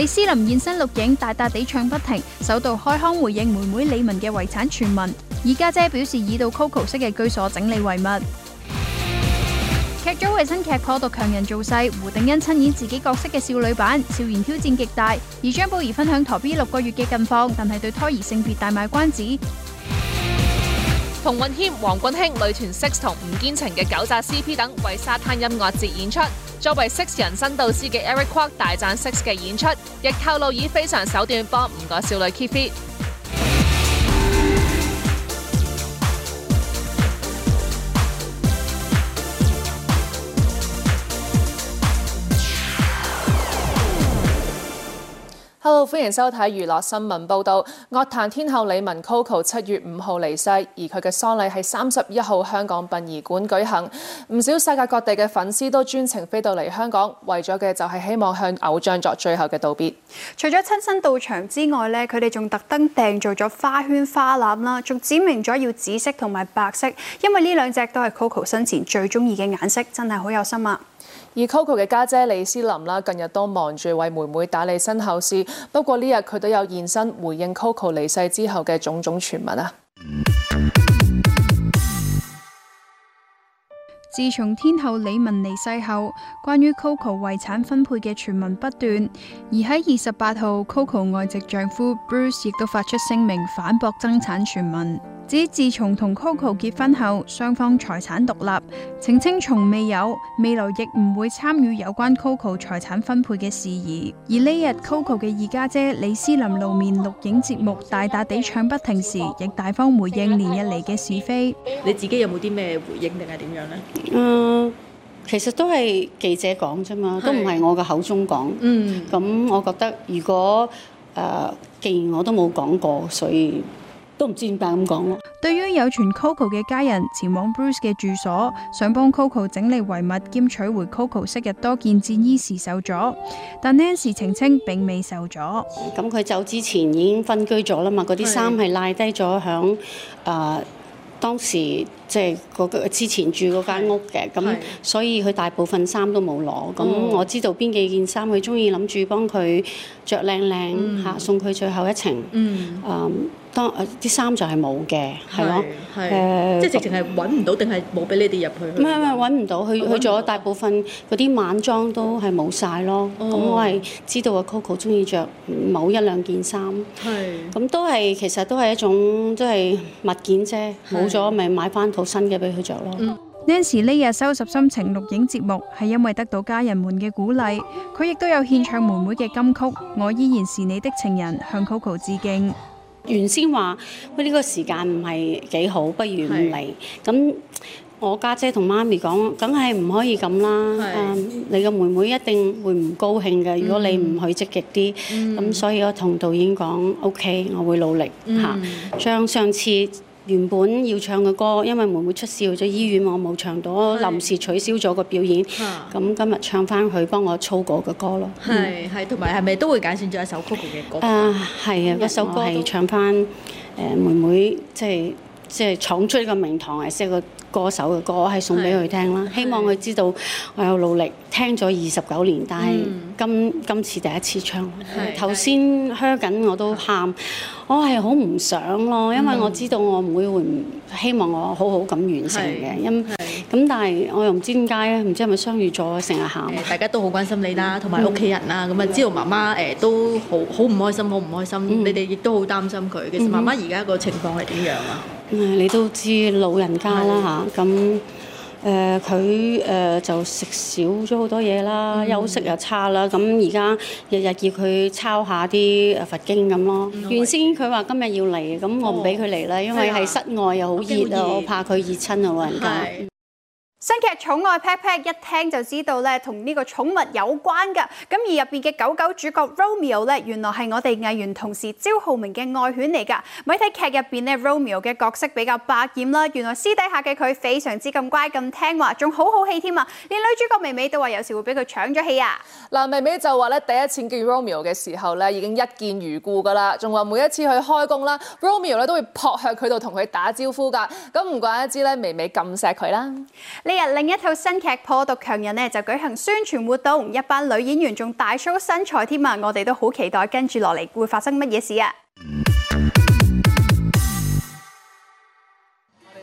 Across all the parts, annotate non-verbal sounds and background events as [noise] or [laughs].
李思琳現身錄影，大笪地唱不停；，首度開腔回應妹妹李玟嘅遺產傳聞。二家姐,姐表示已到 Coco 式嘅居所整理遺物。劇 [music] 組為新劇破毒強人造勢，胡定欣親演自己角色嘅少女版，笑言挑戰極大。而張寶儀分享台 B 六個月嘅近況，但係對胎兒性別大賣關子。馮允謙、黃俊興、女團 Six 同吳建程嘅狗雜 CP 等為沙灘音樂節演出。作為 sex 人生導師嘅 Eric Kwok 大讚 sex 嘅演出，亦透露以非常手段幫五個少女 keep fit。Hello, 歡迎收睇娛樂新聞報道。樂壇天后李玟 Coco 七月五號離世，而佢嘅喪禮喺三十一號香港殯儀館舉行。唔少世界各地嘅粉絲都專程飛到嚟香港，為咗嘅就係希望向偶像作最後嘅道別。除咗親身到場之外咧，佢哋仲特登訂做咗花圈花籃啦，仲指明咗要紫色同埋白色，因為呢兩隻都係 Coco 生前最中意嘅顏色，真係好有心啊！而 Coco 嘅家姐，姐李思琳啦，近日都忙住為妹妹打理身後事。不過呢日佢都有現身回應 Coco 離世之後嘅種種傳聞啊！自從天后李玟離世後，關於 Coco 遺產分配嘅傳聞不斷。而喺二十八號，Coco 外籍丈夫 Bruce 亦都發出聲明反駁爭產傳聞。指自從同 Coco 結婚後，雙方財產獨立，澄清從未有，未來亦唔會參與有關 Coco 財產分配嘅事宜。而呢日 Coco 嘅二家姐李思琳露面錄影節目，大大地唱不停時，亦大方回應連日嚟嘅是非。你自己有冇啲咩回應定係點樣呢？嗯、呃，其實都係記者講啫嘛，都唔係我嘅口中講。嗯，咁我覺得如果誒、呃，既然我都冇講過，所以。都唔知點解咁講啦。對於有傳 Coco 嘅家人前往 Bruce 嘅住所，想幫 Coco 整理遺物兼取回 Coco 昔日多件戰衣時受阻，但 Nancy 澄清並未受阻。咁佢走之前已經分居咗啦嘛，嗰啲衫係賴低咗喺啊當時即係嗰之前住嗰間屋嘅，咁所以佢大部分衫都冇攞。咁我知道邊幾件衫佢中意，諗住幫佢着靚靚吓，mm-hmm. 送佢最後一程。嗯、mm-hmm. 啊、呃。當啲衫就係冇嘅，係咯，即係直情係揾唔到定係冇俾你哋入去？唔係唔係揾唔到，去去咗大部分嗰啲晚裝都係冇晒咯。咁我係知道阿 Coco 中意著某一兩件衫，咁都係其實都係一種即係物件啫。冇咗咪買翻套新嘅俾佢著咯。Nancy 呢日收拾心情錄影節目，係因為得到家人們嘅鼓勵，佢亦都有獻唱妹妹嘅金曲《我依然是你的情人》，向 Coco 致敬。原先話：喂，呢個時間唔係幾好，不如唔嚟。咁我家姐同媽咪講，梗係唔可以咁啦，嗯。你個妹妹一定會唔高興嘅，如果你唔去積極啲。咁、嗯、所以我同導演講：OK，我會努力吓。將、嗯、上次。原本要唱嘅歌，因為妹妹出事去咗醫院，我冇唱到，臨時取消咗個表演。咁、啊、今日唱翻佢幫我操過嘅歌咯。係係，同埋係咪都會揀選咗一首曲嘅歌？啊，係啊，一首歌係唱翻誒妹妹即係。就是即、就、係、是、闖出呢個名堂啊！即係個歌手嘅歌，我係送俾佢聽啦。希望佢知道我有努力。聽咗二十九年，但係今、嗯、今次第一次唱。頭先哼緊，我都喊，我係好唔想咯，因為我知道我唔會會。希望我好好咁完成嘅。因咁但係我又唔知點解咧？唔知係咪相遇咗成日喊？大家都好關心你啦，同埋屋企人啦。咁、嗯、啊，知道媽媽誒、呃、都好好唔開心，好唔開心。嗯、你哋亦都好擔心佢。其實媽媽而家個情況係點樣啊？你都知老人家啦嚇，咁誒佢誒就食少咗好多嘢啦、嗯，休息又差啦，咁而家日日叫佢抄下啲佛經咁咯、啊。原先佢話今日要嚟，咁我唔俾佢嚟啦，因為係室外又好熱啊，我怕佢熱親啊老人家。新劇《寵愛 Pet Pet》一聽就知道咧，同呢個寵物有關噶。咁而入邊嘅狗狗主角 Romeo 咧，原來係我哋藝員同事焦浩明嘅愛犬嚟噶。咪睇劇入邊咧，Romeo 嘅角色比較百厭啦。原來私底下嘅佢非常之咁乖咁聽話，仲好好戲添啊！連女主角微微都話有時會俾佢搶咗戲啊！嗱，微微就話咧，第一次見 Romeo 嘅時候咧，已經一見如故噶啦，仲話每一次去開工啦，Romeo 咧都會撲向佢度同佢打招呼噶。咁唔怪得之咧，微微咁錫佢啦。呢日另一套新劇《破毒強人》呢就舉行宣傳活動，一班女演員仲大 show 身材添啊！我哋都好期待跟住落嚟會發生乜嘢事啊！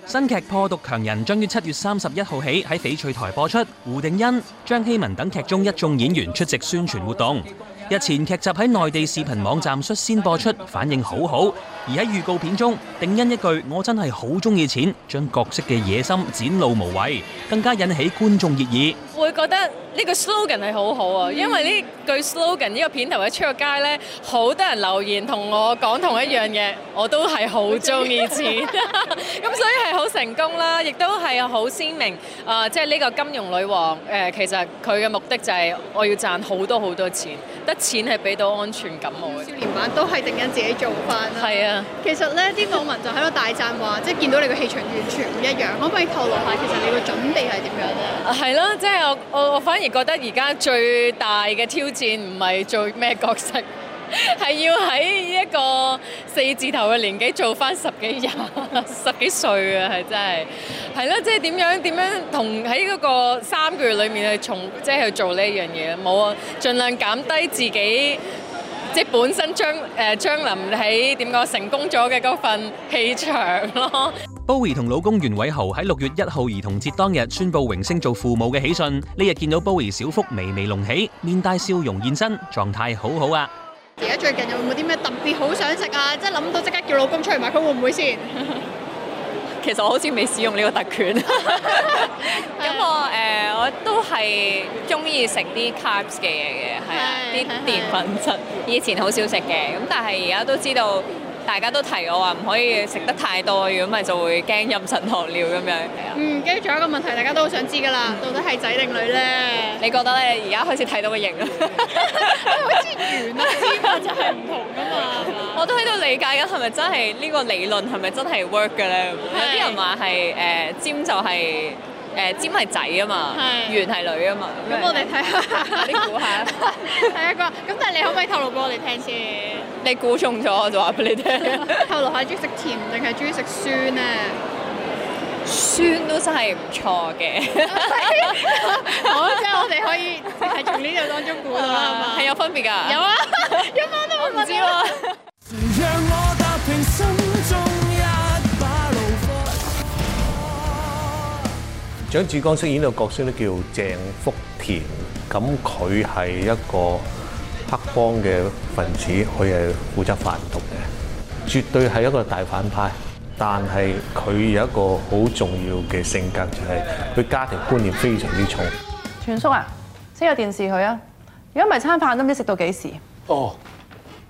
新劇《破毒強人》將於七月三十一號起喺翡翠台播出，胡定欣、張希文等劇中一眾演員出席宣傳活動。日前劇集喺內地視頻網站率先播出，反應好好。而喺預告片中，定欣一句我真係好鍾意錢，將角色嘅野心展露無遺，更加引起觀眾熱議。會覺得呢個 slogan 係好好啊，嗯、因為呢句 slogan 呢個片頭一出個街呢，好多人留言同我講同一樣嘢，嗯，我都係好中意錢，咁 [laughs] [laughs] 所以係好成功啦，亦都係好鮮明啊，呃，即係呢個金融女王誒，呃，其實佢嘅目的就係我要賺好多好多錢，得錢係俾到安全感我。少年版都係定緊自己做翻。係啊，其實呢啲網民就喺度大讚話， [laughs] 即係見到你嘅氣場完全唔一樣，可唔可以透露下其實你個準備係點樣呢？啊，係咯，啊，即係。我我反而覺得而家最大嘅挑戰唔係做咩角色，係要喺一個四字頭嘅年紀做翻十幾廿十,十幾歲嘅。啊，係真係係咯，即係點樣點樣同喺嗰個三個月裡面去重即係去做呢一樣嘢冇啊，盡量減低自己即係本身張誒、呃、張臨喺點講成功咗嘅嗰份氣場咯。Bowie 同老公袁偉豪喺六月一號兒童節當日宣布榮升做父母嘅喜訊，呢日見到 Bowie 小腹微微隆起，面帶笑容現身，狀態好好啊！而家最近有冇啲咩特別好想食啊？即係諗到即刻叫老公出嚟買會不會，佢會唔會先？其實我好似未使用呢個特權，咁 [laughs] 我誒我都係中意食啲 carbs 嘅嘢嘅，係啊，啲澱粉質，以前好少食嘅，咁但係而家都知道。大家都提我話唔可以食得太多，如果唔係就會驚妊娠糖尿咁樣，係啊。嗯，跟住仲有一個問題，大家都好想知㗎啦、嗯，到底係仔定女咧？你覺得咧？而家開始睇到個形啦，好似圓啊尖啊，真係唔同㗎嘛。 [laughs] 我都喺度理解緊，係咪真係呢、呢個理論係咪真係 work 㗎咧？有啲人話係誒尖就係、是。誒、呃、尖係仔啊嘛，圓係女啊嘛，咁我哋睇 [laughs] 下，你估下，第一個。咁但係你可唔可以透露俾我哋聽先？你估中咗我就話俾你聽。 [laughs] 透露下， [laughs] [laughs] [laughs] [laughs] [laughs] [laughs] 下，中意食甜定係中意食酸咧？酸都真係唔錯嘅。咁即係我哋可以係從呢度當中估啦嘛。係有分別㗎。有啊，一蚊都冇。唔知喎。 [laughs] 蔣志光飾演嘅角色咧叫鄭福田，咁佢係一個黑幫嘅分子，佢係負責販毒嘅，絕對係一個大反派。但係佢有一個好重要嘅性格，就係、是、佢家庭觀念非常之重。全叔啊，先有電視佢啊，如果唔係餐飯都唔知食到幾時。哦，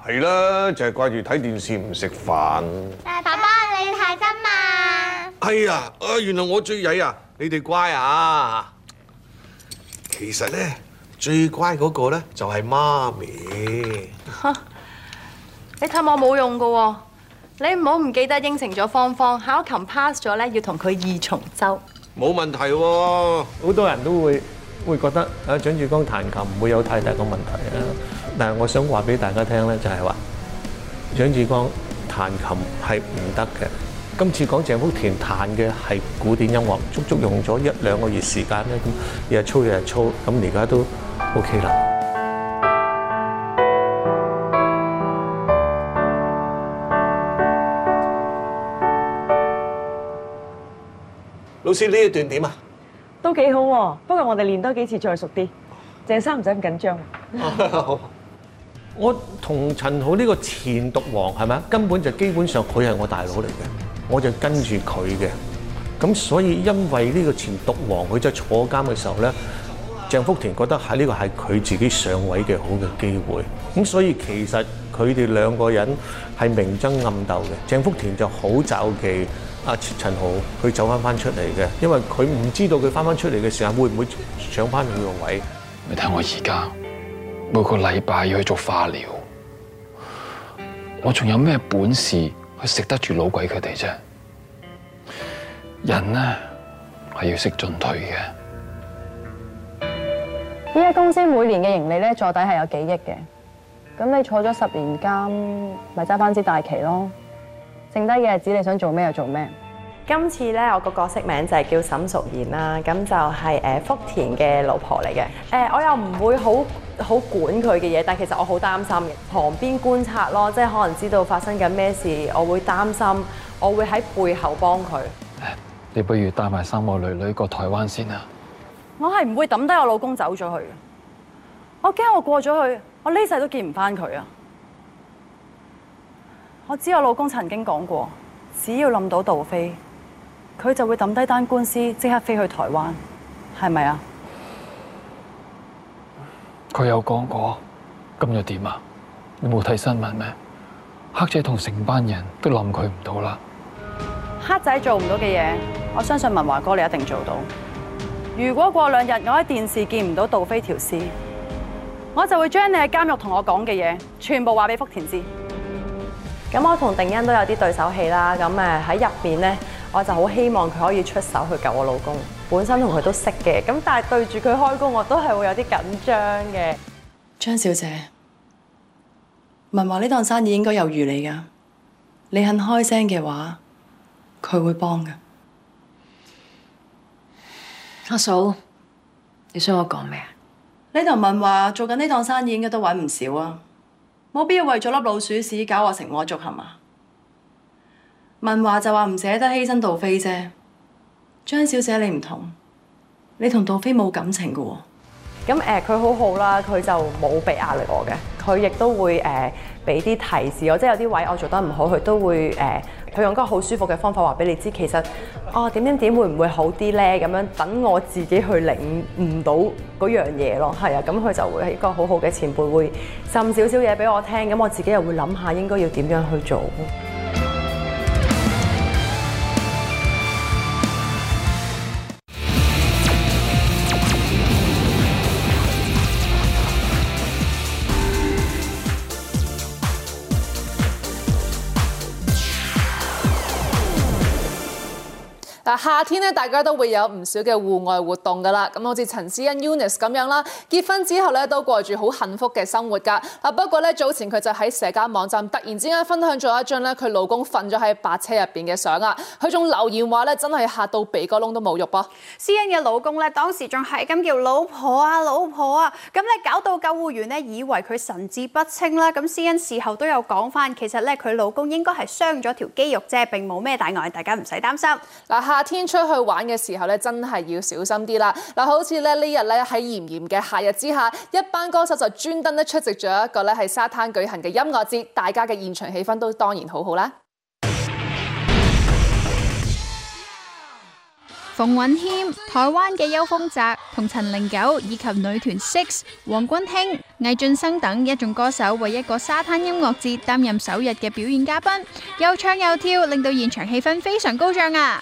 係啦，就係掛住睇電視唔食飯。爸爸，你太真嘛？係啊，啊，原來我最曳啊！你哋乖啊！其實咧，最乖嗰個咧就係、是、媽咪。你氹我冇用噶，你唔好唔記得應承咗芳芳考琴 pass 咗咧，要同佢二重奏。冇問題、啊，好多人都會會覺得啊，蔣志光彈琴唔會有太大個問題啊。但係我想話俾大家聽咧，就係話蔣志光彈琴係唔得嘅。今次講鄭福田彈嘅係古典音樂，足足用咗一兩個月時間咧，咁日操日操，咁而家都 OK 啦。老師呢一段點啊？都幾好，不過我哋練多幾次再熟啲。鄭生唔使咁緊張。我同陳豪呢個前毒王係咪？根本就基本上佢係我大佬嚟嘅。我就跟住佢嘅，咁所以因為呢個前毒王佢就坐監嘅時候咧，鄭福田覺得喺呢個係佢自己上位嘅好嘅機會。咁所以其實佢哋兩個人係明爭暗鬥嘅。鄭福田就好妒忌阿陳豪佢走翻翻出嚟嘅，因為佢唔知道佢翻翻出嚟嘅時候會唔會上翻佢個位你。你睇我而家每個禮拜要去做化療，我仲有咩本事？佢食得住老鬼佢哋啫，人咧係要識進退嘅。呢間公司每年嘅盈利咧坐底係有幾億嘅，咁你坐咗十年監，咪揸翻支大旗咯。剩低嘅日子你想做咩就做咩。今次咧我個角色名就係叫沈淑賢啦，咁就係、是、誒、呃、福田嘅老婆嚟嘅。誒、呃、我又唔會好。好管佢嘅嘢，但係其實我好擔心，旁邊觀察咯，即係可能知道發生緊咩事，我會擔心，我會喺背後幫佢。你不如帶埋三個女女過台灣先啊！我係唔會抌低我老公走咗去。我驚我過咗去，我呢世都見唔翻佢啊！我知我老公曾經講過，只要冧到杜飛，佢就會抌低單官司，即刻飛去台灣，係咪啊？佢有講過，咁又點啊？你冇睇新聞咩？黑仔同成班人都諗佢唔到啦。黑仔做唔到嘅嘢，我相信文華哥你一定做到。如果過兩日我喺電視見唔到杜飛條屍，我就會將你喺監獄同我講嘅嘢全部話俾福田知。咁我同定欣都有啲對手戲啦。咁誒喺入邊咧？我就好希望佢可以出手去救我老公，本身同佢都識嘅，咁但係對住佢開工，我都係會有啲緊張嘅。張小姐，文華呢檔生意應該有餘你噶，你肯開聲嘅話，佢會幫噶。阿嫂，你想我講咩啊？呢度文華做緊呢檔生意應該都揾唔少啊，冇必要為咗粒老鼠屎搞我成鍋粥，係嘛？文華就話唔捨得犧牲杜飛啫，張小姐你唔同，你同杜飛冇感情噶。咁誒，佢好好啦，佢就冇俾壓力我嘅，佢亦都會誒俾啲提示我，即係有啲位我做得唔好，佢都會誒，佢、呃、用一個好舒服嘅方法話俾你知，其實啊點點點會唔會好啲呢？咁樣等我自己去領悟到嗰樣嘢咯，係啊，咁佢就會係一個好好嘅前輩，會滲少少嘢俾我聽，咁我自己又會諗下應該要點樣去做。嗱，夏天咧，大家都會有唔少嘅戶外活動噶啦。咁好似陳思欣 Unis 咁樣啦，結婚之後咧都過住好幸福嘅生活噶。啊，不過咧早前佢就喺社交網站突然之間分享咗一張咧佢老公瞓咗喺白車入邊嘅相啊。佢仲留言話咧，真係嚇到鼻哥窿都冇肉噃。思恩嘅老公咧當時仲係咁叫老婆啊老婆啊，咁咧搞到救護員呢，以為佢神志不清啦。咁思恩事後都有講翻，其實咧佢老公應該係傷咗條肌肉啫，並冇咩大礙，大家唔使擔心。嗱，夏天出去玩嘅時候咧，真係要小心啲啦。嗱，好似咧呢日咧喺炎炎嘅夏日之下，一班歌手就專登咧出席咗一個咧喺沙灘舉行嘅音樂節，大家嘅現場氣氛都當然好好啦。馮允謙、台灣嘅邱鋒澤同陳零九，以及女團 Six、黃君興、魏浚笙等一眾歌手，為一個沙灘音樂節擔任首日嘅表演嘉賓，又唱又跳，令到現場氣氛非常高漲啊！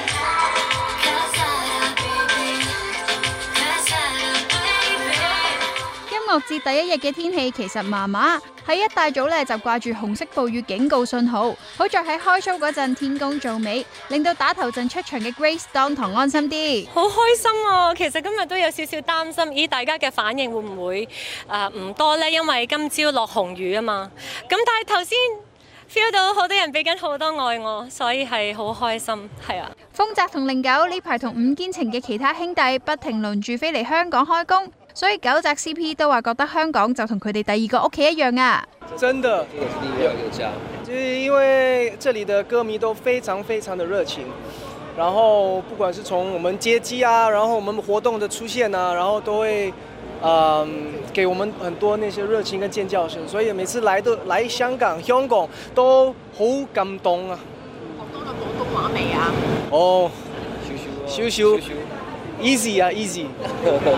樂節第一日嘅天氣其實麻麻，喺一大早咧就掛住紅色暴雨警告信號，好在喺開 show 嗰陣天公造美，令到打頭陣出場嘅 Grace 當堂安心啲。好開心啊！其實今日都有少少擔心，咦，大家嘅反應會唔會誒唔、呃、多呢？因為今朝落紅雨啊嘛。咁但係頭先 feel 到好多人俾緊好多愛我，所以係好開心。係啊，風澤同零九呢排同五堅情嘅其他兄弟不停輪住飛嚟香港開工。所以九澤 CP 都話覺得香港就同佢哋第二個屋企一樣啊！真的，因為就是因為這裡的歌迷都非常非常的熱情，然後不管是從我們接機啊，然後我們活動的出現啊，然後都會嗯、呃、給我們很多那些熱情跟尖叫聲，所以每次來都來香港香港都好感動啊！學多咗廣東話未啊？哦，羞羞，羞羞。easy 啊，easy！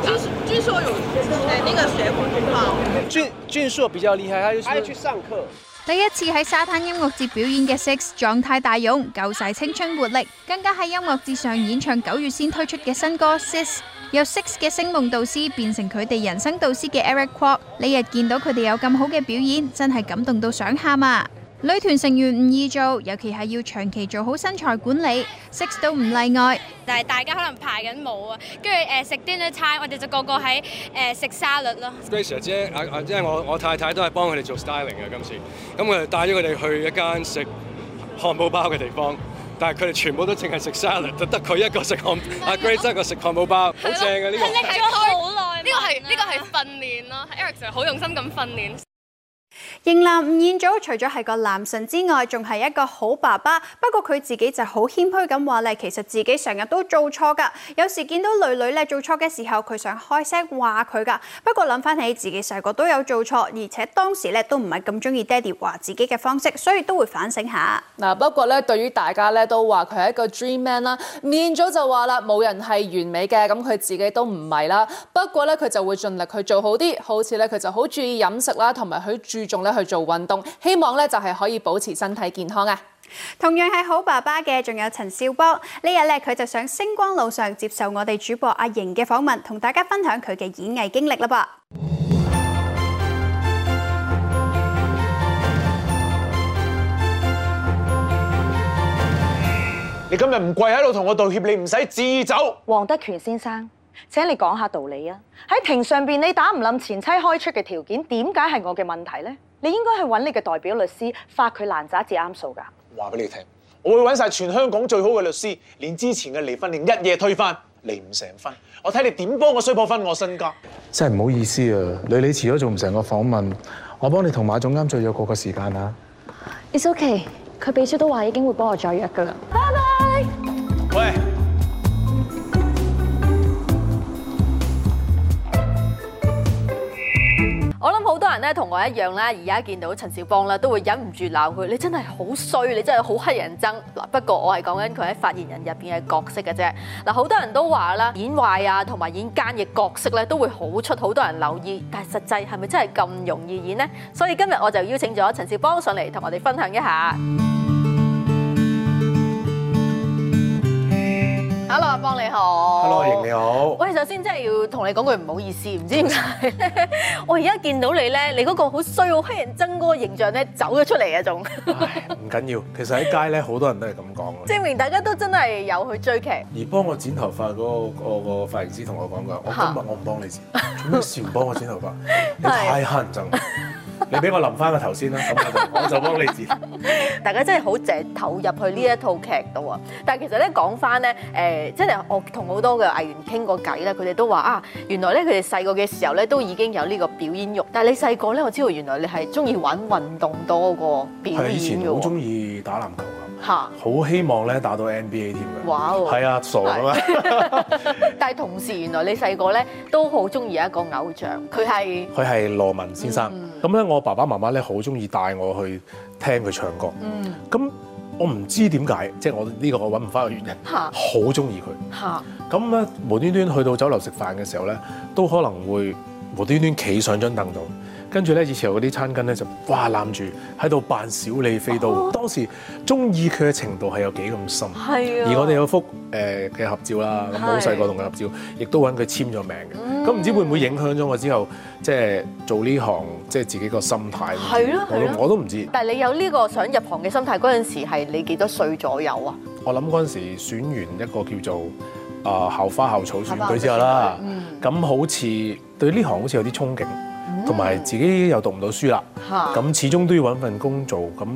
俊俊碩有在呢個學舞嘛？俊俊碩比較厲害，他又去上課。第一次喺沙灘音樂節表演嘅 Six 狀態大勇，夠晒青春活力，更加喺音樂節上演唱九月先推出嘅新歌 Six，由 Six 嘅聲夢導師變成佢哋人生導師嘅 Eric Kwok，呢日見到佢哋有咁好嘅表演，真係感動到想喊啊！.女團成員唔易做，尤其係要長期做好身材管理，Six 都唔例外。但係大家可能排緊舞啊，跟住誒食 dinner time 我哋就個個喺誒食沙律咯。Grace 姐因為，我我太太都係幫佢哋做 styling 嘅今次，咁佢哋帶咗佢哋去一間食漢堡包嘅地方，但係佢哋全部都淨係食沙律，就得佢一個食漢，阿、啊啊、Grace 一個食漢堡包，好正嘅呢個。是你好耐呢個係呢、呢個係訓練咯，Eric 好用心咁訓練。型男吳彥祖除咗係個男神之外，仲係一個好爸爸。不過佢自己就好謙虛咁話咧，其實自己成日都做錯㗎。有時見到女女咧做錯嘅時候，佢想開聲話佢㗎。不過諗翻起自己細個都有做錯，而且當時咧都唔係咁中意爹哋話自己嘅方式，所以都會反省下。嗱、啊，不過咧對於大家咧都話佢係一個 dream man 啦，吳彥祖就話啦，冇人係完美嘅，咁佢自己都唔係啦。不過咧佢就會盡力去做好啲，好似咧佢就好注意飲食啦，同埋佢住。注重咧去做運動，希望咧就係、是、可以保持身體健康啊！同樣係好爸爸嘅，仲有陳少波呢日咧，佢就上星光路上接受我哋主播阿瑩嘅訪問，同大家分享佢嘅演藝經歷啦噃。你今日唔跪喺度同我道歉，你唔使指意走。黃德權先生。請你講下道理啊！喺庭上邊，你打唔冧前妻開出嘅條件，點解係我嘅問題咧？你應該去揾你嘅代表律師，發佢爛渣至啱數噶。話俾你聽，我會揾晒全香港最好嘅律師，連之前嘅離婚令一夜推翻，離唔成婚。我睇你點幫我衰破婚我身家。真係唔好意思啊，女，你遲咗做唔成個訪問，我幫你同馬總監再約個時間啊。It's okay，佢秘書都話已經會幫我再約噶啦。拜拜。喂。我諗好多人咧同我一樣啦，而家見到陳少邦啦，都會忍唔住鬧佢，你真係好衰，你真係好乞人憎嗱。不過我係講緊佢喺發言人入邊嘅角色嘅啫嗱。好多人都話啦，演壞啊同埋演奸嘅角色咧，都會好出好多人留意，但係實際係咪真係咁容易演呢？所以今日我就邀請咗陳少邦上嚟同我哋分享一下。Hello 阿、mm-hmm. 邦你好，Hello 盈你好。喂，首先真係要同你講句唔好意思，唔知點解 [laughs] 我而家見到你咧，你嗰個好衰好乞人憎嗰個形象咧走咗出嚟嗰種。唔緊要， [laughs] 其實喺街咧好多人都係咁講。證明大家都真係有去追劇。而幫我剪頭髮嗰、嗰個、嗰個髮型師同我講過，我今日我唔幫你剪，咩 [laughs] 事唔幫我剪頭髮？ [laughs] 你太乞人憎。 [laughs] 你俾我淋翻個頭先啦，我就幫你剪。 [laughs] 大家真係好正投入去呢一套劇度啊、嗯！但係其實咧講翻咧，真即係我同好多嘅藝員傾過偈啦，佢哋都話啊，原來咧佢哋細個嘅時候咧都已經有呢個表演欲。但係你細個咧，我知道原來你係中意玩運動多過表演。係以前好中意打籃球。嚇、啊！好希望咧打到 NBA 添㗎，係啊傻咁樣！啊啊 [laughs] 但係同時原來你細個咧都好中意一個偶像，佢係佢係羅文先生。咁、嗯、咧我爸爸媽媽咧好中意帶我去聽佢唱歌。嗯。咁我唔知點解，即、就、係、是、我呢個我揾唔翻個原因。嚇、啊！好中意佢。嚇、啊！咁咧無端端去到酒樓食飯嘅時候咧，都可能會無端端企上張凳度。跟住咧，以前嗰啲餐巾咧就哇攬住喺度扮小李飛刀。哦、當時中意佢嘅程度係有幾咁深。係、哦、啊。而我哋有幅誒嘅合照啦，咁好細個同佢合照，亦、嗯嗯、都揾佢簽咗名嘅。咁、嗯、唔知會唔會影響咗我之後即係做呢行，即係自己個心態。係咯我，我都唔知。但係你有呢個想入行嘅心態，嗰陣時係你幾多歲左右啊？我諗嗰陣時選完一個叫做啊、呃、校花校草選舉之後啦，咁、嗯、好似、嗯、對呢行好似有啲憧憬。同埋自己又讀唔到書啦，咁、嗯、始終都要揾份工做，咁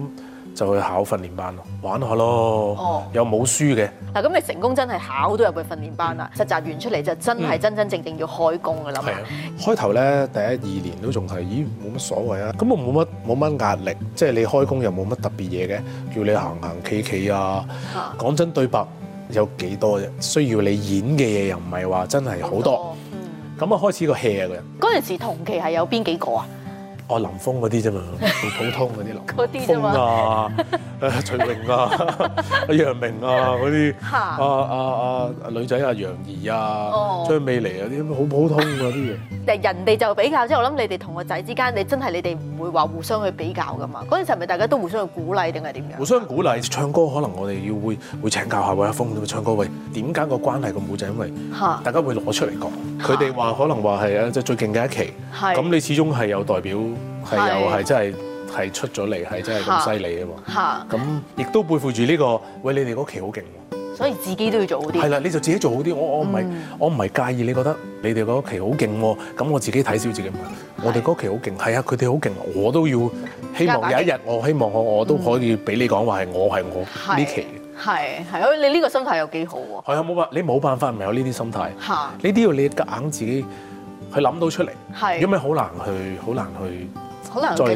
就去考訓練班咯，玩下咯、哦，又冇書嘅。嗱，咁你成功真係考到入去訓練班啦、嗯，實習完出嚟就真係真真正正要開工噶啦。開頭咧第一二年都仲係，咦冇乜所謂啊，咁我冇乜冇乜壓力，即、就、係、是、你開工又冇乜特別嘢嘅，叫你行行企企啊。講、啊、真對白有幾多嘢需要你演嘅嘢，又唔係話真係好多。咁啊開始個戲啊。嗰陣時同期係有邊幾個啊？哦，林峰嗰啲啫嘛，好普通嗰啲林峰啊、徐榮啊， [laughs] 啊、楊明啊嗰啲、啊，啊啊啊女仔阿、啊、楊怡啊、哦、張美妮啊啲，好普通嗰啲嘢。誒人哋就比較啫，我諗你哋同個仔之間，你真係你哋唔會話互相去比較噶嘛？嗰陣時係咪大家都互相去鼓勵定係點樣？互相鼓勵唱歌，可能我哋要會會請教下位阿峰，點樣唱歌。喂，點解個關係咁好？就係、因為大家會攞出嚟講。佢哋話可能話係啊，即係最勁嘅一期。咁你始終係有代表。係又係真係係出咗嚟，係真係咁犀利啊嘛！吓，咁亦都背負住呢個，喂，你哋嗰期好勁喎，所以自己都要做好啲。係啦，你就自己做好啲。我、嗯、我唔係我唔係介意，你覺得你哋嗰期好勁喎，咁我自己睇小自己，我哋嗰期好勁，係啊，佢哋好勁，我都要希望有一日，我希望我我都可以俾你講話係我係我呢期。係係，所以你呢個心態有幾好喎？係啊，冇辦，你冇辦法咪、就是、有呢啲心態。吓，呢啲要你夾硬自己。佢諗到出嚟，因為好難去，好難去，好難再係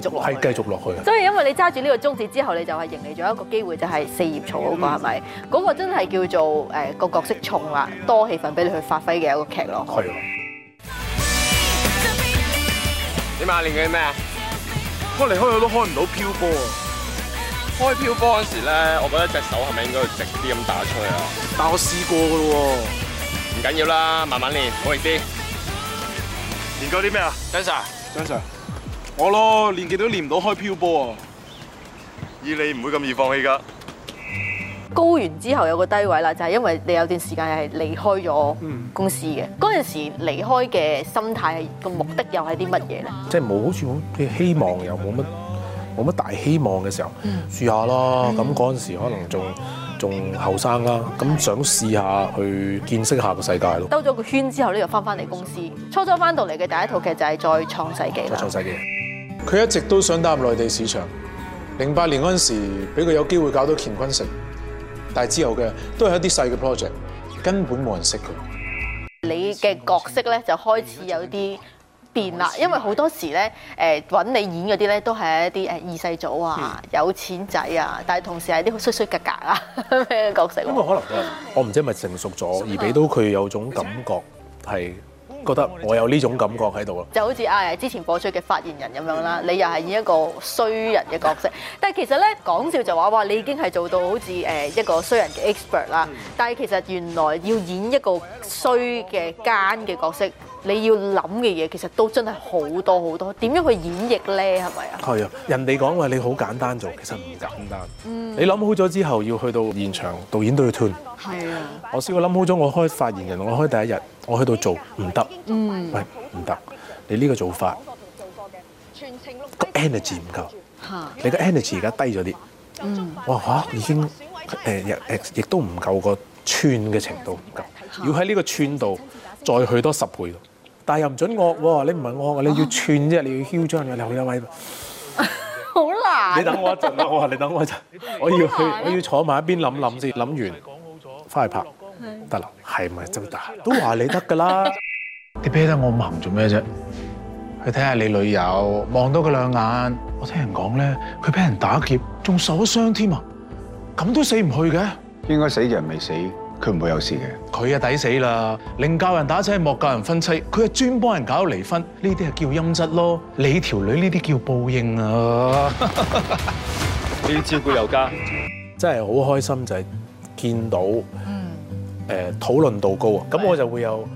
繼續落去。所以因為你揸住呢個宗旨之後，你就係迎嚟咗一個機會，就係四葉草嗰個係咪？嗰個真係叫做誒個角色重啦，多戲份俾你去發揮嘅一個劇囉。係。點啊？練緊咩啊？開嚟開去都開唔到飄波啊！開飄波嗰時咧，我覺得隻手係咪應該直啲咁打出嚟啊？但我試過噶咯喎。唔緊要啦，慢慢練，好啲。研究啲咩啊？張 Sir，張 Sir，我咯，練極都練唔到開漂波啊！以你唔會咁易放棄噶。高完之後有個低位啦，就係、是、因為你有段時間係離開咗公司嘅。嗰、嗯、陣時離開嘅心態個目的又係啲乜嘢咧？即係冇好似好嘅希望，又冇乜冇乜大希望嘅時候，試、嗯、下咯。咁嗰陣時候可能仲。仲後生啦，咁想試下去見識下個世界咯。兜咗個圈之後咧，又翻翻嚟公司。初初翻到嚟嘅第一套劇就係《再創世紀》。再創世紀，佢一直都想打入內地市場。零八年嗰陣時，俾佢有機會搞到《乾坤城》，但係之後嘅都係一啲細嘅 project，根本冇人識佢。你嘅角色咧就開始有啲。變啦，因為好多時咧，誒揾你演嗰啲咧都係一啲誒二世祖啊、嗯、有錢仔啊，但係同時係啲衰衰格格啊咁嘅角色。因為可能我唔知係咪成熟咗，而俾到佢有一種感覺係覺得我有呢種感覺喺度啦。就好似啊，之前播出嘅發言人咁樣啦，你又係演一個衰人嘅角色，但係其實咧講笑就話哇，你已經係做到好似誒一個衰人嘅 expert 啦，但係其實原來要演一個衰嘅奸嘅角色。你要諗嘅嘢其實都真係好多好多，點樣去演繹咧？係咪啊？係啊，人哋講話你好簡單做，其實唔簡單。嗯，你諗好咗之後，要去到現場，導演都要 tune。係啊，我試過諗好咗，我開發言人，我開第一日，我去到做唔得、嗯。喂，唔得，你呢個做法個 energy 不、啊、嗰個 energy 唔夠。你個 energy 而家低咗啲。嗯，哇嚇、啊，已經誒亦、呃呃呃、都唔夠個寸嘅程度唔夠，啊、要喺呢個寸度再去多十倍。但係又唔準惡喎，你唔係惡，你要串啫，你要囂張嘅劉亞威，好難。你等我一陣啦，我話你等我一陣，我要去，我要坐埋一邊諗諗先，諗完翻去拍得啦，係唔係周達？都話你得㗎啦，你啤得我盲做咩啫？去睇下你女友，望多佢兩眼。我聽人講咧，佢俾人打劫，仲受咗傷添啊，咁都死唔去嘅，應該死嘅人未死。佢唔會有事嘅，佢啊抵死啦！寧教人打仔，莫教人分妻。佢係專門幫人搞離婚，呢啲係叫陰質咯。你條女呢啲叫報應啊！你 [laughs] 要照顧有家， [laughs] 真係好開心就係、是、見到，誒、嗯、討論度高啊！咁我就會有。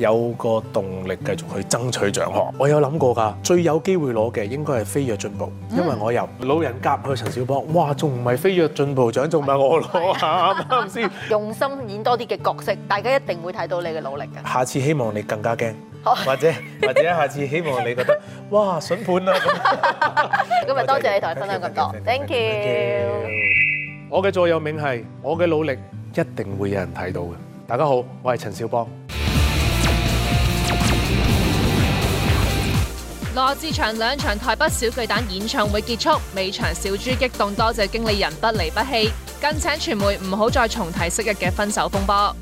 有個動力繼續去爭取獎項。我有諗過㗎，最有機會攞嘅應該係飛躍進步，因為我由老人甲去陳小波，哇，仲唔係飛躍進步獎，仲唔係我攞啊？啱唔啱先？用心演多啲嘅角色，大家一定會睇到你嘅努力嘅。下次希望你更加驚，或者或者，下次希望你覺得哇，筍盤啦。咁啊，多謝你同我分享咁多，Thank you。我嘅座右銘係：我嘅努力一定會有人睇到嘅。大家好，我係陳小波。羅志祥兩場台北小巨蛋演唱會結束，尾場小豬激動多謝經理人不離不棄，更請傳媒唔好再重提昔日嘅分手風波。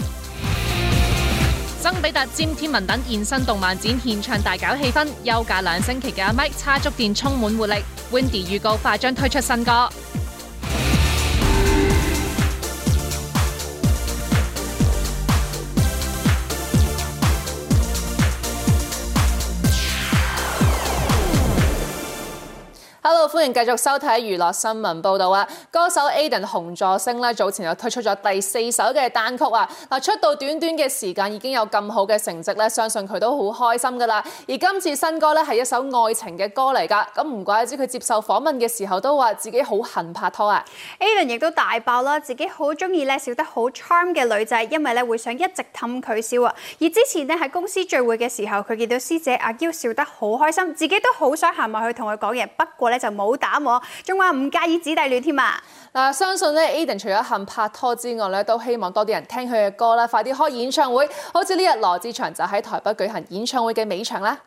曾 [music] 比特、詹天文等現身動漫展獻唱大搞氣氛，休假兩星期嘅阿 Mike 叉足電充滿活力。Wendy 預告快將推出新歌。歡迎繼續收睇娛樂新聞報道啊！歌手 Aiden 紅助星咧，早前就推出咗第四首嘅單曲啊！嗱，出道短短嘅時間已經有咁好嘅成績咧，相信佢都好開心噶啦。而今次新歌咧係一首愛情嘅歌嚟噶，咁唔怪之佢接受訪問嘅時候都話自己好恨拍拖啊！Aiden 亦都大爆啦，自己好中意咧笑得好 charm 嘅女仔，因為咧會想一直氹佢笑啊！而之前咧喺公司聚會嘅時候，佢見到師姐阿嬌笑得好開心，自己都好想行埋去同佢講嘢，不過咧就冇。好打我，仲話唔介意子弟戀添啊！嗱，相信咧，Aden 除咗恨拍拖之外咧，都希望多啲人聽佢嘅歌啦，快啲開演唱會。好似呢日羅志祥就喺台北舉行演唱會嘅尾場啦。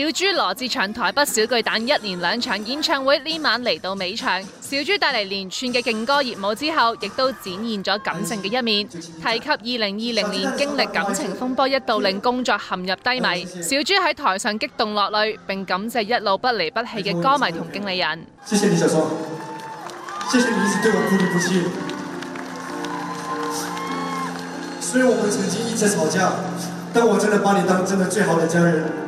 小豬羅志祥台北小巨蛋一連兩場演唱會，呢晚嚟到尾場，小豬帶嚟連串嘅勁歌熱舞之後，亦都展現咗感性嘅一面。提及二零二零年經歷感情風波，一度令工作陷入低迷，小豬喺台上激動落淚，並感謝一路不離不棄嘅歌迷同經理人。謝謝李小松，謝謝你一直對我不離不棄。雖然我們曾經一直吵架，但我真的把你當真的最好的家人。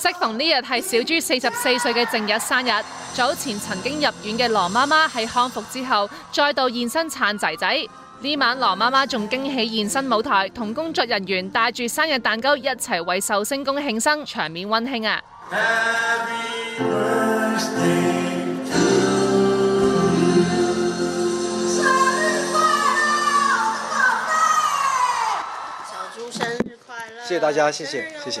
適逢呢日係小豬四十四歲嘅正日生日，早前曾經入院嘅羅媽媽喺康復之後，再度現身撐仔仔。呢晚羅媽媽仲驚喜現身舞台，同工作人員帶住生日蛋糕一齊為壽星公慶生，場面溫馨。啊，小豬生日快樂！謝謝大家，謝謝，謝謝。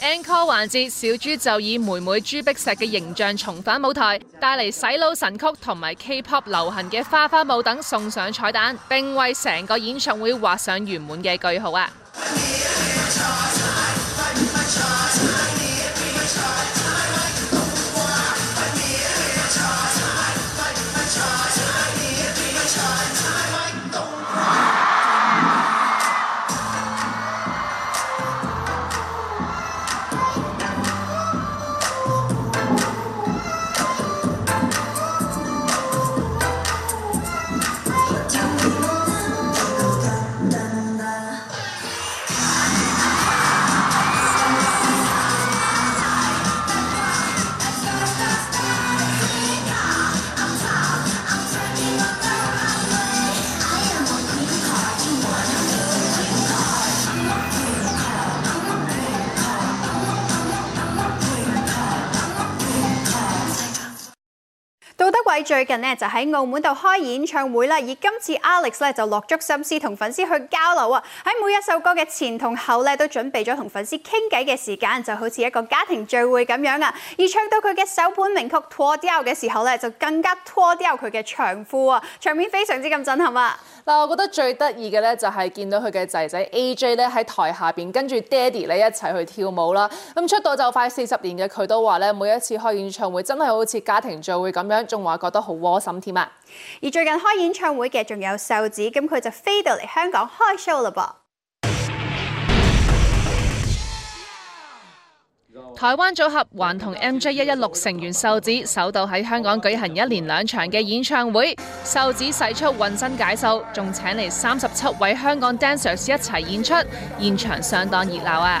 Encore 環節，小豬就以妹妹朱碧石嘅形象重返舞台，帶嚟洗腦神曲同埋 K-pop 流行嘅花花舞等送上彩蛋，並為成個演唱會畫上圓滿嘅句號啊！最近咧就喺澳門度開演唱會啦，而今次 Alex 咧就落足心思同粉絲去交流啊！喺每一首歌嘅前同後咧都準備咗同粉絲傾偈嘅時間，就好似一個家庭聚會咁樣啊！而唱到佢嘅首本名曲《脫掉》嘅時候咧，就更加脫掉佢嘅長褲啊，場面非常之咁震撼啊！但我覺得最得意嘅咧，就係見到佢嘅仔仔 AJ 咧喺台下邊跟住爹哋咧一齊去跳舞啦。咁出道就快四十年嘅佢都話咧，每一次開演唱會真係好似家庭聚會咁樣，仲話覺得好窩心添啊。而最近開演唱會嘅仲有瘦子，咁佢就飛到嚟香港開 show 嘞噃。台灣組合頑童 M J 一一六成員瘦子首度喺香港舉行一連兩場嘅演唱會，瘦子使出渾身解數，仲請嚟三十七位香港 dancers 一齊演出，現場相當熱鬧啊！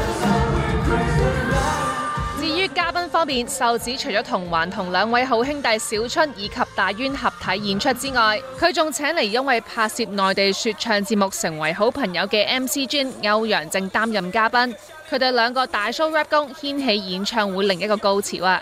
嘉賓方面，瘦子除咗同環同兩位好兄弟小春以及大淵合體演出之外，佢仲請嚟因為拍攝內地說唱節目成為好朋友嘅 MC Jin 歐陽靖擔任嘉賓。佢哋兩個大 show rap 功掀起演唱會另一個高潮啊！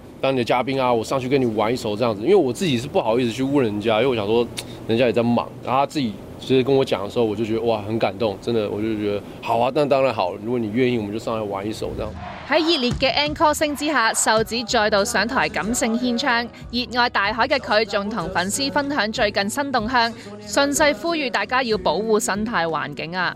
當你的嘉賓啊，我上去跟你玩一首這樣子，因為我自己是不好意思去問人家，因為我想說人家也在忙，然後他自己其實跟我講的時候，我就覺得哇很感動，真的我就覺得好啊，那當然好，如果你願意，我們就上來玩一首這樣。喺熱烈嘅 encore 聲之下，瘦子再度上台感性獻唱，熱愛大海嘅佢，仲同粉絲分享最近新動向，順勢呼籲大家要保護生態環境啊。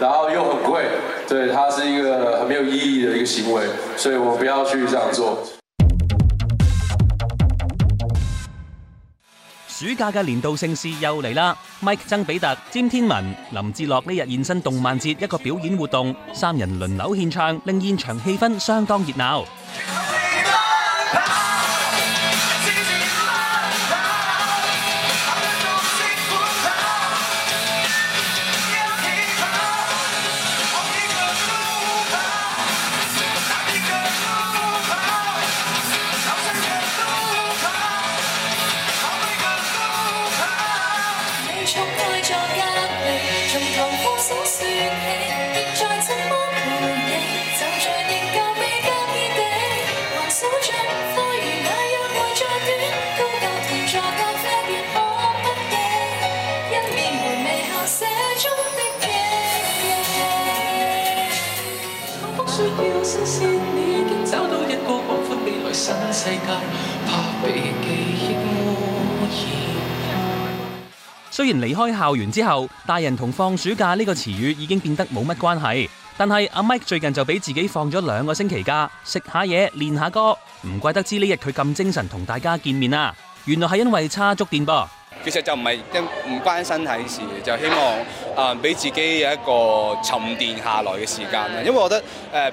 然後又很貴，對，它是一個很沒有意義的一個行為，所以我不要去這樣做。暑假嘅年度盛事又嚟啦！Mike、曾比特、詹天文、林志樂呢日現身動漫節一個表演活動，三人輪流獻唱，令現場氣氛相當熱鬧。啊雖然離開校園之後，大人同放暑假呢個詞語已經變得冇乜關係，但係阿 Mike 最近就俾自己放咗兩個星期假，食下嘢，練下歌，唔怪得知呢日佢咁精神同大家見面啦、啊。原來係因為差足電噃。其實就唔係唔關身體事，就希望啊俾、呃、自己有一個沉澱下來嘅時間啦。因為我覺得誒，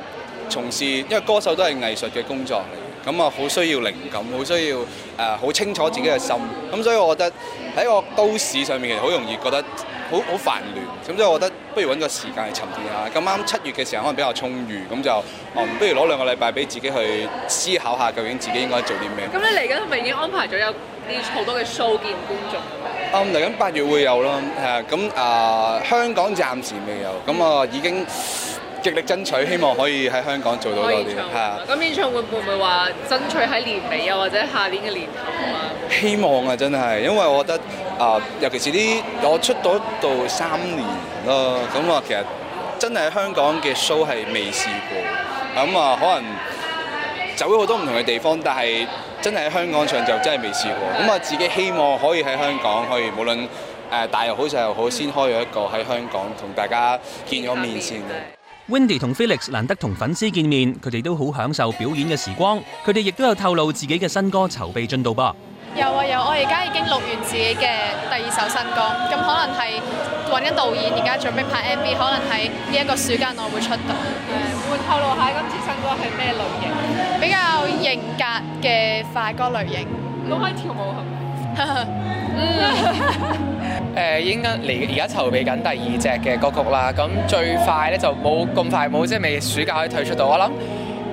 從、呃、事因為歌手都係藝術嘅工作咁啊，好需要靈感，好需要誒，好、呃、清楚自己嘅心。咁、嗯、所以，我覺得喺個都市上面，其實好容易覺得好好煩亂。咁所以，我覺得不如搵個時間去沉澱下。咁啱七月嘅時候可能比較充裕，咁就哦、呃，不如攞兩個禮拜俾自己去思考下，究竟自己應該做啲咩。咁你嚟緊係咪已經安排咗有啲好多嘅 show 見觀眾。啊、嗯，嚟緊八月會有咯，係啊。咁啊，香港暫時未有。咁啊，已經。極力爭取，希望可以喺香港做到多啲。嚇，咁演、啊、唱會不會唔會話爭取喺年尾啊，或者下年嘅年頭啊？希望啊，真係，因為我覺得啊、呃，尤其是啲我出到到三年咯，咁啊，其實真係喺香港嘅 show 係未試過。咁啊，可能走咗好多唔同嘅地方，但係真係喺香港唱就真係未試過。咁、嗯、啊、啊，自己希望可以喺香港，可以無論誒大又好細又好，先開咗一個喺香港同大家見咗面先嘅。Wendy 同 Felix 難得同粉絲見面，佢哋都好享受表演嘅時光。佢哋亦都有透露自己嘅新歌籌備進度噃。有啊有啊，我而家已經錄完自己嘅第二首新歌，咁可能係揾緊導演，而家準備拍 MV，可能喺呢一個暑假內會出到、嗯嗯。會透露下今次新歌係咩類型？比較型格嘅快歌類型，都可以跳舞。嗯、 [laughs] 呃，誒已經嚟而家籌備緊第二隻嘅歌曲啦，咁最快咧就冇咁快冇，即係未暑假可以推出到。我諗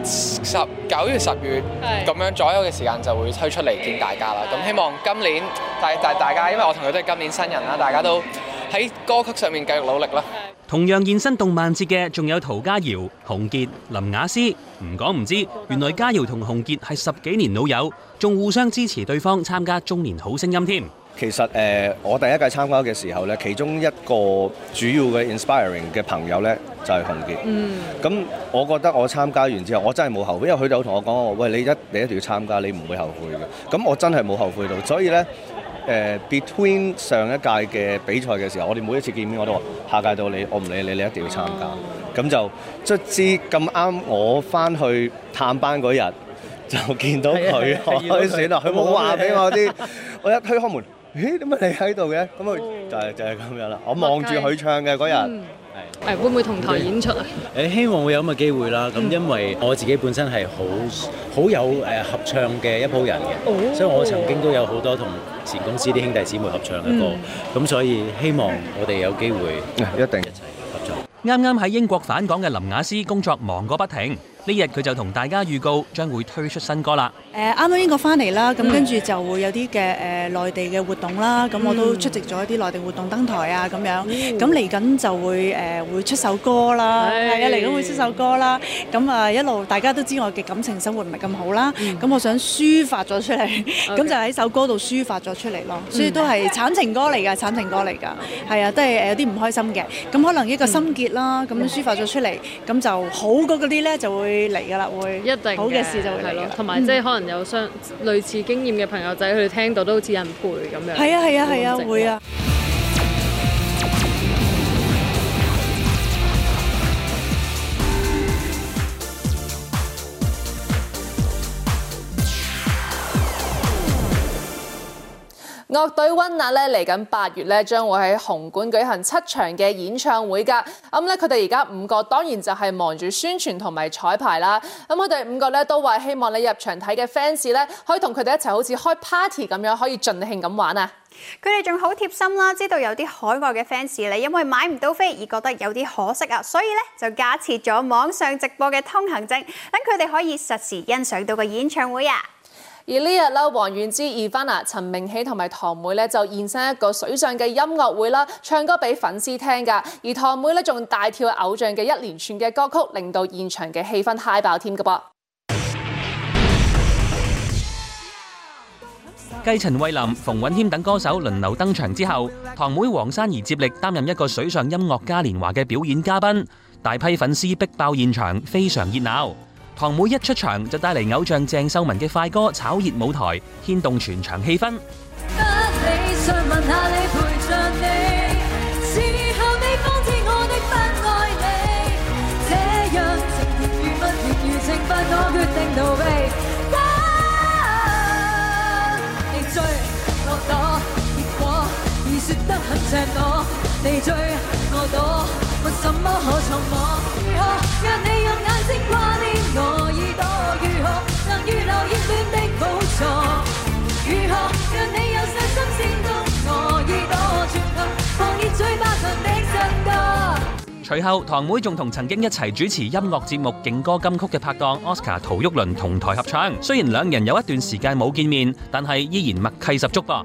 十九月十月咁樣左右嘅時間就會推出嚟見大家啦。咁希望今年大大大家，因為我同佢都係今年新人啦，大家都喺歌曲上面繼續努力啦。同樣現身動漫節嘅仲有陶家瑤、洪傑、林雅詩。唔講唔知，原來嘉瑤同洪傑係十幾年老友，仲互相支持對方參加中年好聲音添。其實誒我第一屆參加嘅時候咧，其中一個主要嘅 inspiring 嘅朋友咧就係洪傑。嗯。咁我覺得我參加完之後，我真係冇後悔，因為佢就同我講：我喂，你一你一定要參加，你唔會後悔嘅。咁我真係冇後悔到，所以咧。誒、uh, Between 上一屆嘅比賽嘅時候，我哋每一次見面我都話下屆到你，我唔理你，你一定要參加。咁、哦、就卒之咁啱，我翻去探班嗰日就見到佢開始啦。佢冇話俾我啲， [laughs] 我一推開門，咦點解你喺度嘅？咁佢就係、哦、就係、是、咁樣啦。我望住佢唱嘅嗰日。嗯係，會唔會同台演出啊？希望會有咁嘅機會啦。咁因為我自己本身係好好有合唱嘅一鋪人嘅、哦，所以我曾經都有好多同前公司啲兄弟姊妹合唱嘅歌。咁、嗯、所以希望我哋有機會一齊合唱，一定一齊合作。啱啱喺英國返港嘅林雅詩工作忙個不停。呢日佢就同大家預告將會推出新歌啦。誒啱啱英國翻嚟啦，咁跟住就會有啲嘅誒內地嘅活動啦，咁我都出席咗一啲內地活動登台啊，咁樣。咁嚟緊就會誒、呃、會出首歌啦，係啊嚟緊會出首歌啦。咁啊一路大家都知我嘅感情生活唔係咁好啦，咁、mm. 我想抒發咗出嚟，咁、okay. [laughs] 就喺首歌度抒發咗出嚟咯。所以都係慘情歌嚟㗎，慘情歌嚟㗎。係啊，都係誒有啲唔開心嘅。咁可能一個心結啦，咁、mm. 抒發咗出嚟，咁就好嗰啲咧就會。會嚟噶啦，會一定的好嘅事就會嚟嘅，同埋即係可能有相、嗯、類似經驗嘅朋友仔，佢哋聽到都好似人陪咁樣。係啊，係啊，係啊，啊，會啊。樂隊溫拿咧，嚟緊八月咧，將會喺紅館舉行七場嘅演唱會噶。咁、嗯、咧，佢哋而家五個當然就係忙住宣傳同埋彩排啦。咁佢哋五個咧都話希望你入場睇嘅 fans 咧，可以同佢哋一齊好似開 party 咁樣，可以盡興咁玩啊！佢哋仲好貼心啦，知道有啲海外嘅 fans 因為買唔到飛而覺得有啲可惜啊，所以咧就架設咗網上直播嘅通行證，等佢哋可以實時欣賞到個演唱會啊！而呢日咧，王菀之、Ivana，陳明憙同埋堂妹咧就現身一個水上嘅音樂會啦，唱歌俾粉絲聽噶。而堂妹咧仲大跳偶像嘅一連串嘅歌曲，令到現場嘅氣氛 high 爆添噶噃。繼陳慧琳、馮允謙等歌手輪流登場之後，堂妹黃珊兒接力擔任一個水上音樂嘉年華嘅表演嘉賓，大批粉絲逼爆現場，非常熱鬧。堂妹一出場就帶嚟偶像鄭秀文嘅快歌，炒熱舞台，牽動全場氣氛。隨後，堂妹仲同曾經一齊主持音樂節目勁歌金曲嘅拍檔 Oscar 陶旭倫同台合唱。雖然兩人有一段時間冇見面，但係依然默契十足噃。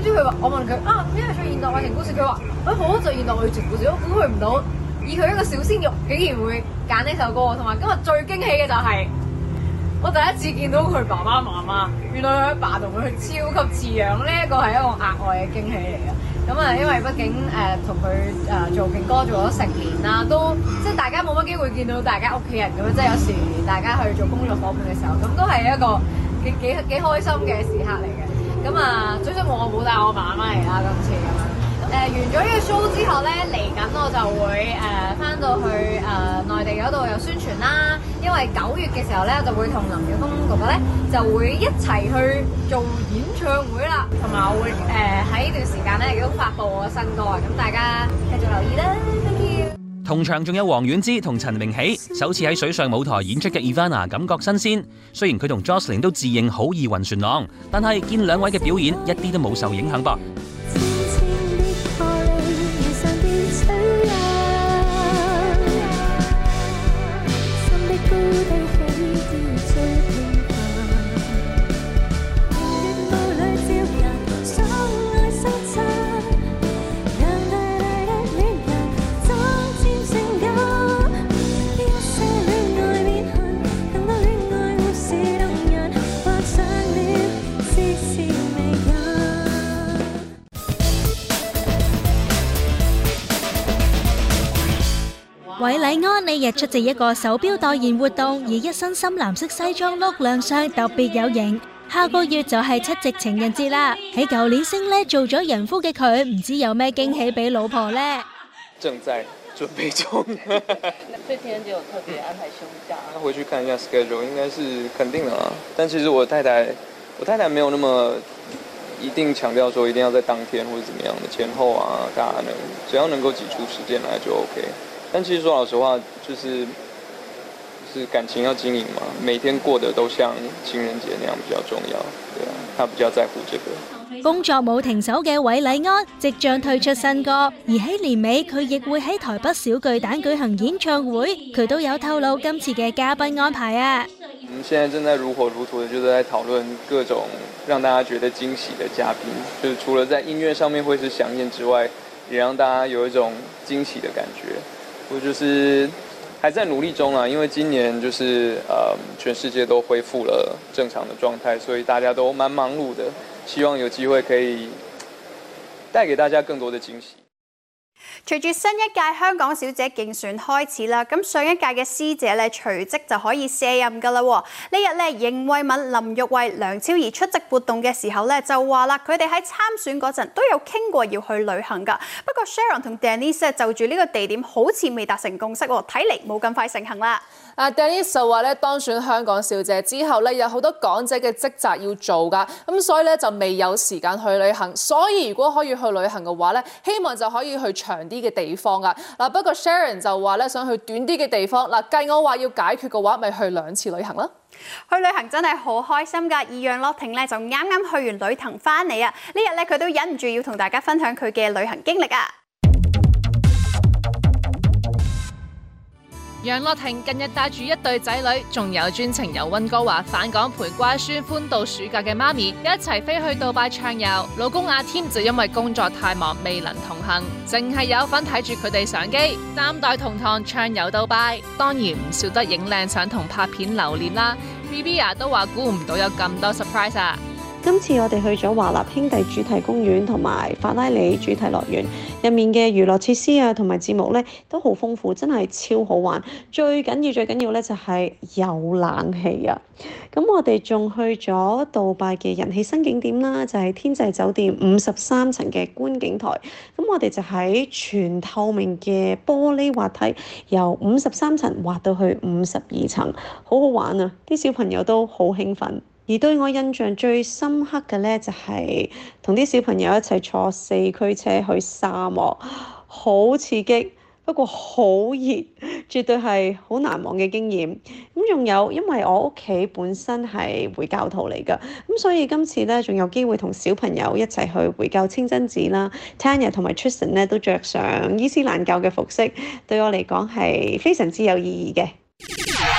跟住佢話，我問佢啊，因為做現代愛情故事，佢話我好做現代愛情故事，我估佢唔到。以佢一個小鮮肉，竟然會揀呢首歌，同埋今日最驚喜嘅就係，我第一次見到佢爸爸媽媽。原來佢爸同佢超級似樣，呢一個係一個額外嘅驚喜嚟嘅。咁啊，因為畢竟誒同佢誒做勁歌做咗成年啦，都即係大家冇乜機會見到大家屋企人咁，即係有時大家去做工作夥伴嘅時候，咁都係一個幾幾幾開心嘅時刻嚟嘅。咁啊，最衰冇我冇帶我爸媽嚟啦，今次咁樣。誒，完咗呢個 show 之後咧，嚟緊我就會誒翻，呃、到去誒，呃、內地嗰度有宣傳啦。因為九月嘅時候咧，我就會同林曉峰哥哥咧就會一齊去做演唱會啦，同埋我會誒喺呢段時間咧亦都發佈我嘅新歌啊。咁大家繼續留意啦。同場仲有王菀之同陳明喜，首次喺水上舞台演出嘅 Ivana 感覺新鮮。雖然佢同 Jocelyn 都自認好易暈船浪，但係見兩位嘅表演一啲都冇受影響噃。韋禮安呢日出席一個手錶代言活動，以一身深藍色西裝 look 亮相特別有型。下個月就係七夕情人節啦！喺舊年升呢做咗人夫嘅佢，唔知有咩驚喜俾老婆呢？正在準備中。七夕情人節有特別安排休假，要回去看一下 schedule，應該是肯定啦。但其實我太太，我太太沒有那麼一定強調說一定要在當天或者怎麼樣的前後啊，大家呢，只要能夠擠出時間來就 OK。但其實說老實話，就是，就是感情要經營嘛，每天過得都像情人節那樣比較重要，對啊，他比較在乎這個。工作冇停手嘅韋禮安，即將推出新歌，而喺年尾佢亦會喺台北小巨蛋舉行演唱會。佢都有透露今次嘅嘉賓安排啊。我們現在正在如火如荼的就是在討論各種讓大家覺得驚喜嘅嘉賓，就是、除了在音樂上面會是想念之外，也讓大家有一種驚喜的感覺。我就是還在努力中啊，因為今年就是呃，全世界都恢復了正常的狀態，所以大家都蠻忙碌的，希望有機會可以帶給大家更多的驚喜。隨住新一屆香港小姐競選開始啦，咁上一屆嘅師姐咧，隨即就可以卸任噶啦。日呢日咧，邢慧敏、林玉慧、梁超儀出席活動嘅時候咧，就話啦，佢哋喺參選嗰陣都有傾過要去旅行噶。不過 Sharon 同 Dennis 就住呢個地點好似未達成共識，睇嚟，冇咁快成行啦。啊，Dennis 就話咧當選香港小姐之後咧，有好多港姐嘅職責要做㗎，咁所以咧就未有時間去旅行。所以如果可以去旅行嘅話咧，希望就可以去長啲嘅地方㗎。嗱，不過 Sharon 就話咧想去短啲嘅地方。嗱，計我話要解決嘅話，咪去兩次旅行囉。去旅行真係好開心㗎！二樣樂庭咧就啱啱去完旅程翻嚟啊，呢日咧佢都忍唔住要同大家分享佢嘅旅行經歷啊！楊樂婷近日帶住一對仔女，仲有專程由温哥華返港陪乖孫歡度暑假嘅媽咪，一齊飛去杜拜暢遊。老公阿添就因為工作太忙，未能同行，淨係有份睇住佢哋相機。三代同堂暢遊杜拜，當然唔少得影靚相同拍片留念啦。B B 啊都話估唔到有咁多 surprise 啊！今次我哋去咗華納兄弟主題公園同埋法拉利主題樂園入面嘅娛樂設施啊，同埋節目咧都好豐富，真係超好玩。最緊要最緊要咧就係有冷氣啊！咁我哋仲去咗杜拜嘅人氣新景點啦，就係天際酒店五十三層嘅觀景台。咁我哋就喺全透明嘅玻璃滑梯，由五十三層滑到去五十二層，好好玩啊！啲小朋友都好興奮。而對我印象最深刻嘅咧，就係同啲小朋友一齊坐四驅車去沙漠，好刺激，不過好熱，絕對係好難忘嘅經驗。咁仲有，因為我屋企本身係回教徒嚟㗎，咁所以今次咧仲有機會同小朋友一齊去回教清真寺啦。Tanya 同埋 Tristan 咧都着上伊斯蘭教嘅服飾，對我嚟講係非常之有意義嘅。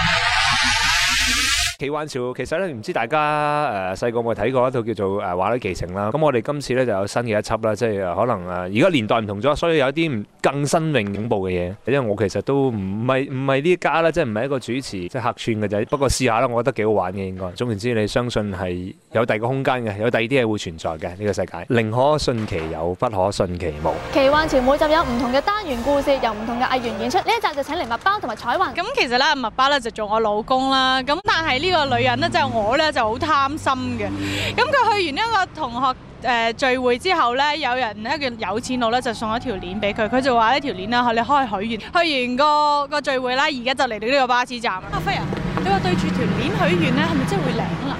奇幻潮其實咧，唔知大家誒細個有冇睇過一套叫做誒《幻海奇情》啦。咁我哋今次咧就有新嘅一輯啦，即係可能誒而家年代唔同咗，所以有啲更新穎、恐怖嘅嘢。因為我其實都唔係唔係呢家啦，即係唔係一個主持即係客串嘅啫。不過試下啦，我覺得幾好玩嘅應該。總言之，你相信係有第二個空間嘅，有第二啲嘢會存在嘅呢個世界。寧可信其有，不可信其無。奇幻潮每集有唔同嘅單元故事，由唔同嘅藝員演出。呢一集就請嚟麥包同埋彩雲。咁其實咧，麥包咧就做我老公啦。咁但係呢？呢、這個女人咧就是、我咧就好、是、貪心嘅，咁佢去完呢個同學誒聚會之後咧，有人一叫「有錢佬」咧就送咗條鏈俾佢，佢就話呢條鏈啦，你可以許願，去完個個聚會啦，而家就嚟到呢個巴士站。阿輝啊，你話對住條鏈許願咧，係咪真係會靈啊？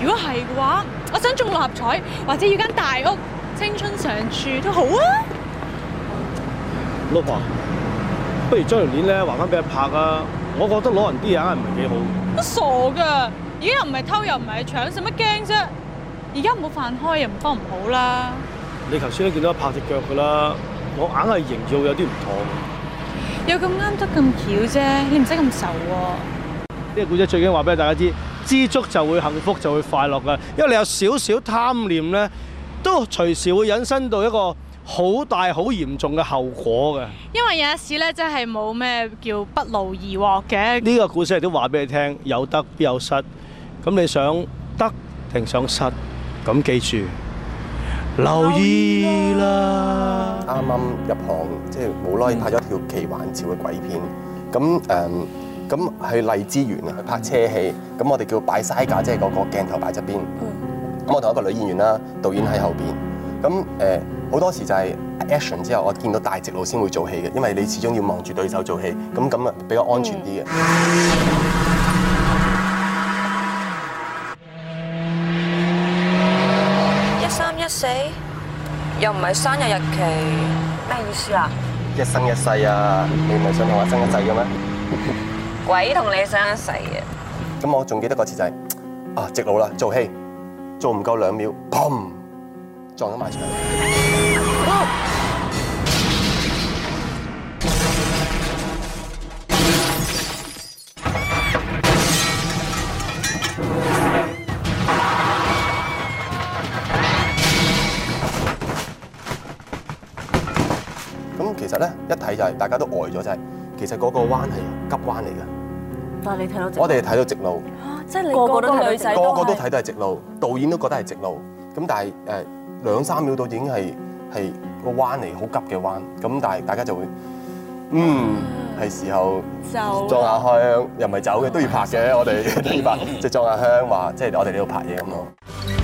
如果係嘅話，我想中六合彩，或者要間大屋，青春常駐都好啊。老婆，不如將條鏈咧還翻俾佢拍啊！我覺得攞人啲嘢硬係唔係幾好。都傻㗎，而家又唔係偷又唔係搶，使乜驚啫？而家冇飯開又唔慌唔好啦。你頭先都見到拍隻腳㗎啦，我硬係形容有啲唔妥。有咁啱得咁巧啫，你唔使咁愁喎。個故仔最緊要話俾大家知，知足就會幸福就會快樂㗎，因為你有少少貪念咧，都隨時會引申到一個。好大好嚴重嘅後果嘅，因為有一時咧真係冇咩叫不勞而獲嘅。呢個故事都話俾你聽，有得必有失。咁你想得定想失？咁記住留意啦。啱啱入行即係冇耐拍咗條奇幻潮嘅鬼片。咁誒咁去荔枝園啊，去拍車戲。咁我哋叫擺曬架，即係嗰個鏡頭擺側邊。咁我同一個女演員啦，導演喺後邊。咁誒。好多時就係 action 之後，我見到大直路先會做戲嘅，因為你始終要望住對手做戲，咁咁啊比較安全啲嘅。一三一四，又唔係生日日期，咩意思啊？一生一世啊，你唔係想同我一生一世嘅咩？鬼同你生一世嘅。咁我仲記得嗰次就係、是、啊，直路啦，做戲，做唔夠兩秒，砰，撞咗埋牆。咁其實咧，一睇就係大家都呆咗，就係其實嗰個彎係急彎嚟㗎。但係你睇到，我哋睇到直路，即係個個都睇女仔，個個都睇到係直路，導演都覺得係直路。咁但係誒，兩三秒到已經係。係個彎嚟，好急嘅彎。咁但係大家就會，嗯，係時候撞下香，又唔係走嘅，都要拍嘅。我哋都要拍，即係撞下香，話即係我哋呢度拍嘢咁咯。